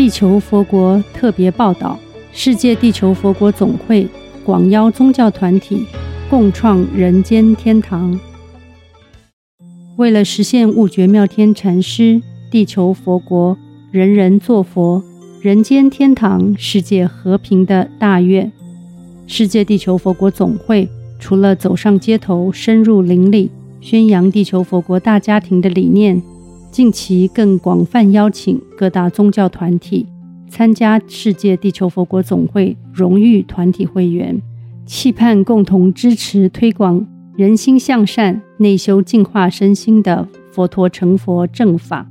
地球佛國特別報導：世界地球佛國總會廣邀宗教團體，共創人間天堂。為了實現悟覺妙天禪師“地球佛國，人人作佛，人間天堂，世界和平”的大願，世界地球佛國總會除了走上街頭、深入鄰里，宣揚地球佛國大家庭的理念。近期更廣泛邀請各大宗教團體參加世界地球佛國總會榮譽團體會員，期盼共同支持推廣人心向善、內修淨化身心的佛陀成佛正法，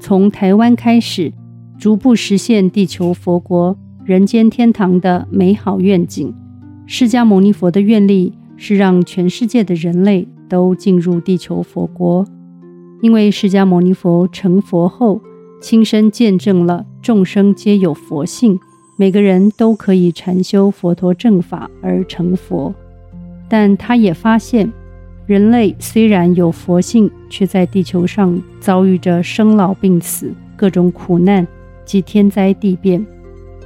從台灣開始，逐步實現地球佛國、人間天堂的美好願景。釋迦牟尼佛的願力是讓全世界的人類都進入地球佛國。因為釋迦牟尼佛成佛後，親身見證了眾生皆有佛性，每個人都可以禪修佛陀正法而成佛。但他也發現，人類雖然有佛性，卻在地球上遭遇着生老病死、各種苦難及天災地變。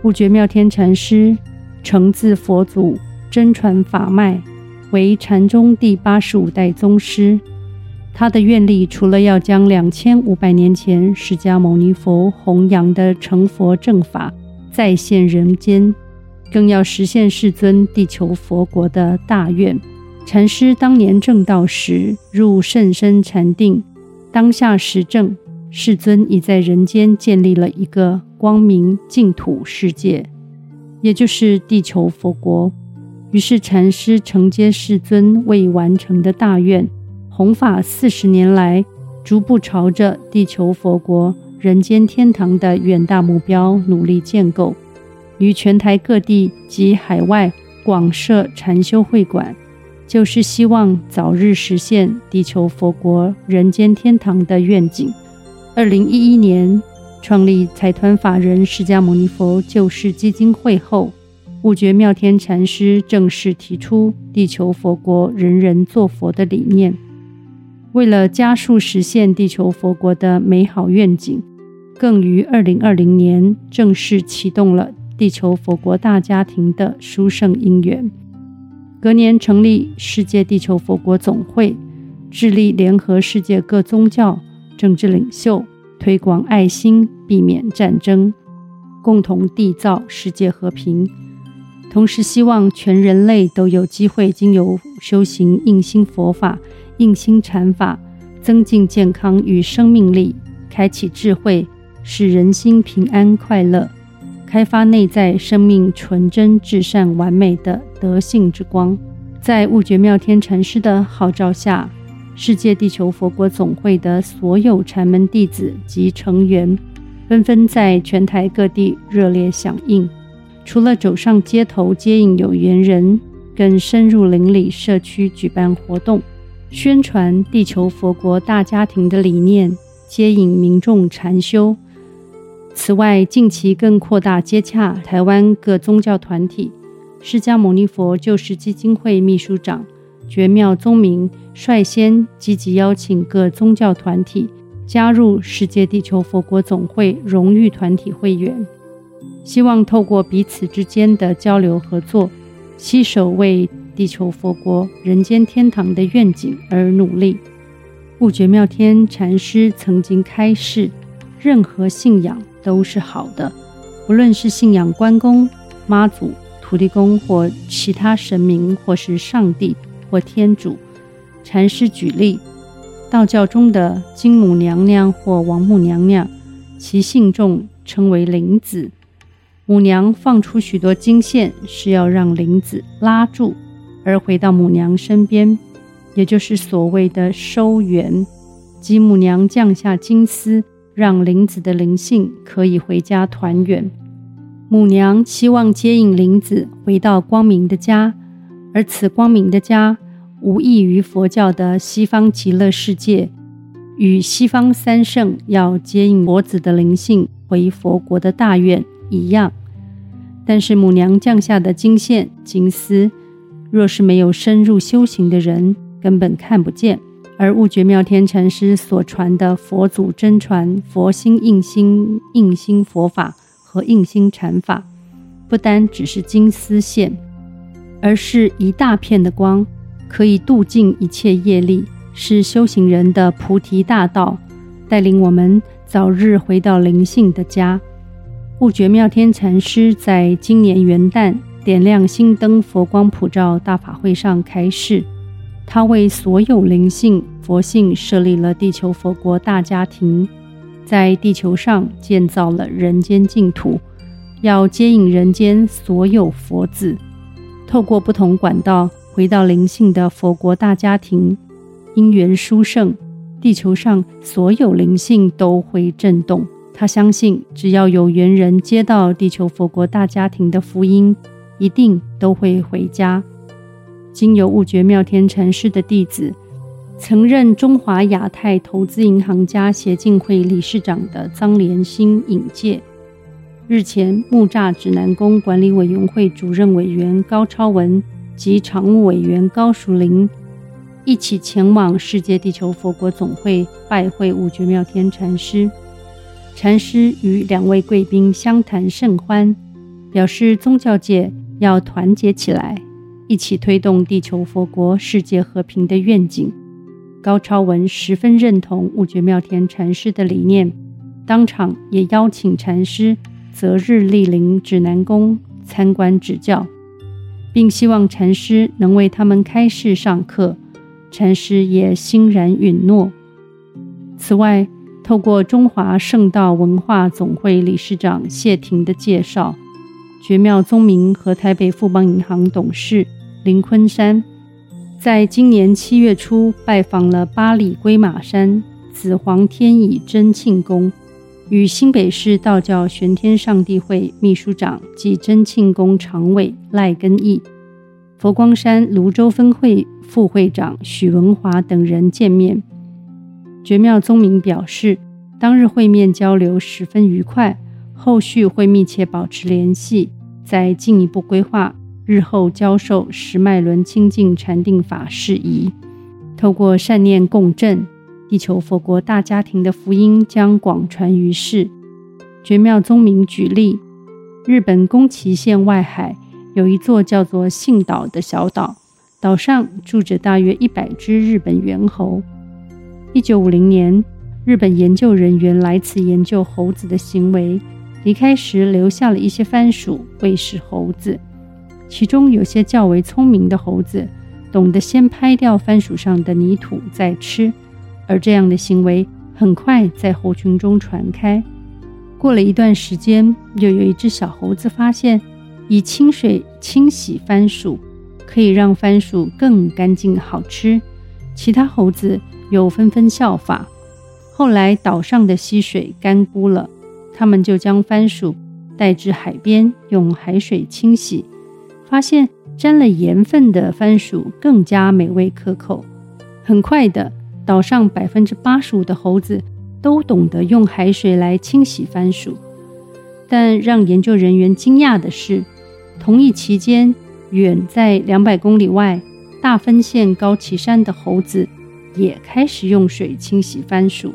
悟覺妙天禪師承自佛祖真傳法脈，為禪宗第八十五代宗師。他的願力除了要將兩千五百年前釋迦牟尼佛弘揚的成佛正法再現人間，更要實現世尊地球佛國的大願。禪師當年證道時入甚深禪定，當下實證，世尊已在人間建立了一個光明淨土世界，也就是地球佛國。於是禪師承接世尊未完成的大願。弘法四十年來，逐步朝着地球佛國、人間天堂的遠大目標努力建構。於全台各地及海外廣設禪修會館，就是希望早日實現地球佛國、人間天堂的願景。二零一一年創立財團法人釋迦牟尼佛救世基金會後，悟覺妙天禪師正式提出“地球佛國，人人作佛”的理念。為了加速實現地球佛國的美好願景，更於二零二零年正式啟動了地球佛國大家庭的殊勝因緣。隔年成立世界地球佛國總會，致力聯合世界各宗教、政治領袖，推廣愛心，避免戰爭，共同締造世界和平。同時，希望全人類都有機會經由修行印心佛法。印心禪法增進健康與生命力，開啟智慧，使人心平安快樂，開發內在生命純真至善完美的德性之光。在悟覺妙天禪師的號召下，世界地球佛國總會的所有禪門弟子及成員紛紛在全台各地熱烈響應，除了走上街頭接引有緣人，更深入鄰里社區舉辦活動。宣傳地球佛國大家庭的理念，接引民眾禪修。此外，近期更擴大接洽台灣各宗教團體，釋迦牟尼佛救世基金會秘書長覺妙宗明率先積極邀請各宗教團體加入世界地球佛國總會榮譽團體會員，希望透過彼此之間的交流合作，攜手為地球佛國、人間天堂的願景而努力。悟覺妙天禪師曾經開示：任何信仰都是好的，不論是信仰關公、媽祖、土地公或其他神明，或是上帝或天主。禪師舉例，道教中的金母娘娘或王母娘娘，其信眾稱為靈子。母娘放出許多金線，是要讓靈子拉住。而回到母娘身邊，也就是所謂的收圓，即母娘降下金絲，讓靈子的靈性可以回家團圓。母娘期望接引靈子回到光明的家，而此光明的家無異於佛教的西方極樂世界，與西方三聖要接引佛子的靈性回佛國的大願一樣。但是母娘降下的金線、金絲。若是沒有深入修行的人，根本看不見。而悟覺妙天禪師所傳的佛祖真傳、佛心印心、印心佛法和印心禪法，不單只是金絲線，而是一大片的光，可以渡盡一切業力，是修行人的菩提大道，帶領我們早日回到靈性的家。悟覺妙天禪師在今年元旦。點亮心燈，佛光普照，大法會上開示，他為所有靈性佛性設立了地球佛國大家庭，在地球上建造了人間淨土，要接引人間所有佛子，透過不同管道回到靈性的佛國大家庭，因緣殊勝，地球上所有靈性都會震動。他相信，只要有緣人接到地球佛國大家庭的福音。一定都會回家。經由悟覺妙天禪師的弟子、曾任中華亞太投資銀行家協進會理事長的張連興引介，日前木柵指南宮管理委員會主任委員高超文及常務委員高淑玲一起前往世界地球佛國總會拜會悟覺妙天禪師，禪師與兩位貴賓相談甚歡，表示宗教界。要團結起來，一起推動地球佛國、世界和平的願景。高超文十分認同悟覺妙天禪師的理念，當場也邀請禪師擇日蒞臨指南宮參觀指教，並希望禪師能為他們開示上課。禪師也欣然允諾。此外，透過中華聖道文化總會理事長謝霆的介紹，絕妙宗明和台北富邦銀行董事林昆山，在今年七月初拜訪了八里龜馬山紫皇天乙真慶宮，與新北市道教玄天上帝會秘書長暨真慶宮常委賴根義、佛光山蘆洲分會副會長許文華等人見面。絕妙宗明表示，當日會面交流十分愉快。後續會密切保持聯繫，再進一步規劃日後教授十脈輪清淨禪定法事宜。透過善念共振，地球佛國大家庭的福音將廣傳於世。絕妙宗明舉例：日本宮崎縣外海有一座叫做幸島的小島，島上住着大約一百只日本猿猴。一九五零年，日本研究人員來此研究猴子的行為。離開時留下了一些番薯餵食猴子，其中有些較為聰明的猴子懂得先拍掉番薯上的泥土再吃，而這樣的行為很快在猴群中傳開。過了一段時間，又有一只小猴子發現以清水清洗番薯可以讓番薯更乾淨好吃，其他猴子又紛紛效仿。後來島上的溪水乾枯了。他們就將番薯帶至海邊，用海水清洗，發現沾了鹽分的番薯更加美味可口。很快的，島上百分之八十五的猴子都懂得用海水來清洗番薯。但讓研究人員驚訝的是，同一期間，遠在兩百公里外大分縣高崎山的猴子也開始用水清洗番薯。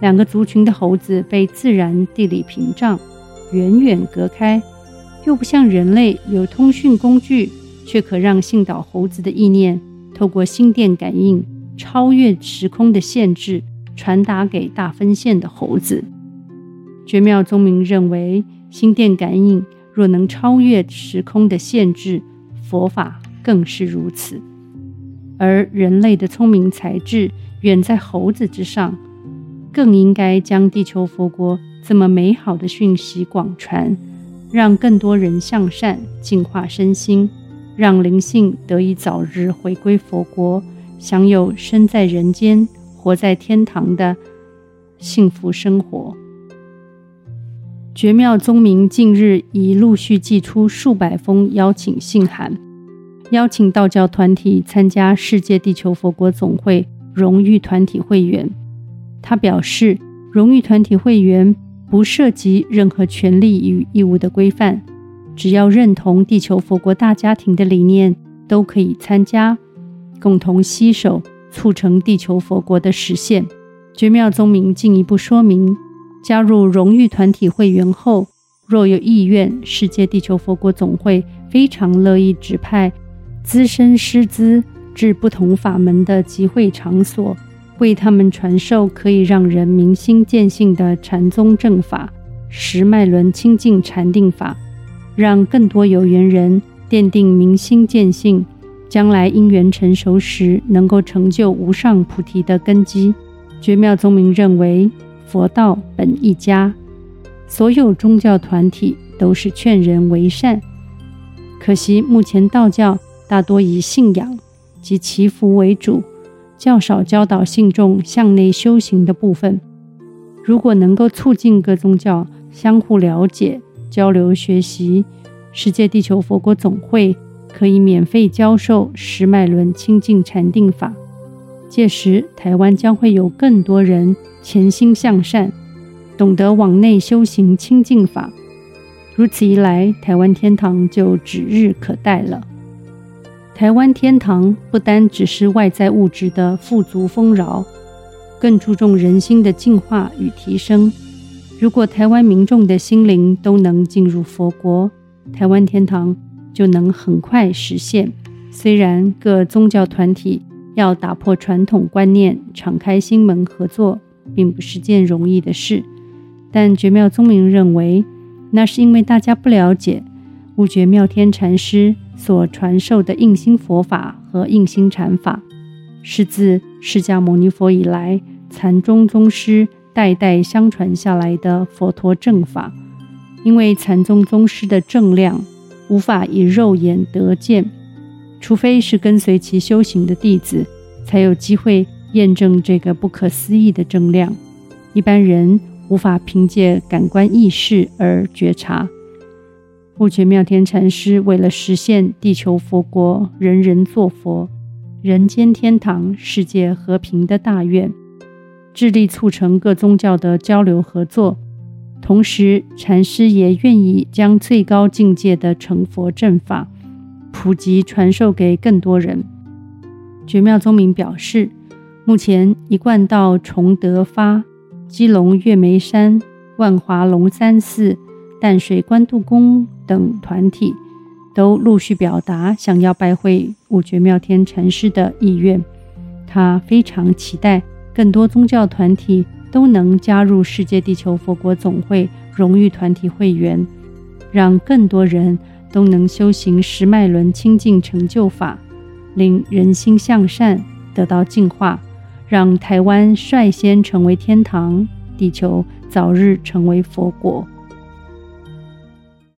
兩個族群的猴子被自然地理屏障遠遠隔開，又不像人類有通訊工具，卻可讓信島猴子的意念透過心電感應，超越時空的限制，傳達給大分縣的猴子。覺妙宗明認為，心電感應若能超越時空的限制，佛法更是如此，而人類的聰明才智遠在猴子之上。更應該將地球佛國這麼美好的訊息廣傳，讓更多人向善淨化身心，讓靈性得以早日回歸佛國，享有身在人間、活在天堂的幸福生活。覺妙宗明近日已陸續寄出數百封邀請信函，邀請道教團體參加世界地球佛國總會榮譽團體會員。他表示，榮譽團體會員不涉及任何權利與義務的規範，只要認同地球佛國大家庭的理念，都可以參加，共同攜手促成地球佛國的實現。覺妙宗明進一步說明，加入榮譽團體會員後，若有意願，世界地球佛國總會非常樂意指派資深師資至不同法門的集會場所。為他們傳授可以讓人明心見性的禪宗正法、十脈輪清淨禪定法，讓更多有緣人奠定明心見性，將來因緣成熟時能夠成就無上菩提的根基。覺妙宗明認為，佛道本一家，所有宗教團體都是勸人為善。可惜目前道教大多以信仰及祈福為主。較少教導信眾向內修行的部分。如果能夠促進各宗教相互了解、交流學習，世界地球佛國總會可以免費教授十脈輪清淨禪定法。屆時，台灣將會有更多人潛心向善，懂得往內修行清淨法。如此一來，台灣天堂就指日可待了。台灣天堂不單只是外在物質的富足豐饒，更注重人心的淨化與提升。如果台灣民眾的心靈都能進入佛國，台灣天堂就能很快實現。雖然各宗教團體要打破傳統觀念，敞開心門合作，並不是件容易的事，但覺妙宗明認為，那是因為大家不了解悟覺妙天禪師。所傳授的印心佛法和印心禪法，是自釋迦牟尼佛以來禪宗宗師代代相傳下來的佛陀正法。因為禪宗宗師的正量無法以肉眼得見，除非是跟隨其修行的弟子，才有機會驗證這個不可思議的正量。一般人無法憑借感官意識而覺察。悟覺妙天禪師為了實現地球佛國、人人作佛、人間天堂、世界和平的大願，致力促成各宗教的交流合作。同時，禪師也願意將最高境界的成佛正法普及傳授給更多人。覺妙宗明表示，目前一貫道崇德發、基隆月眉山、萬華龍山寺、淡水關渡宮，等團體都陸續表達想要拜會悟覺妙天禪師的意願，他非常期待更多宗教團體都能加入世界地球佛國總會榮譽團體會員，讓更多人都能修行十脈輪清淨成就法，令人心向善得到淨化，讓台灣率先成為天堂，地球早日成為佛國。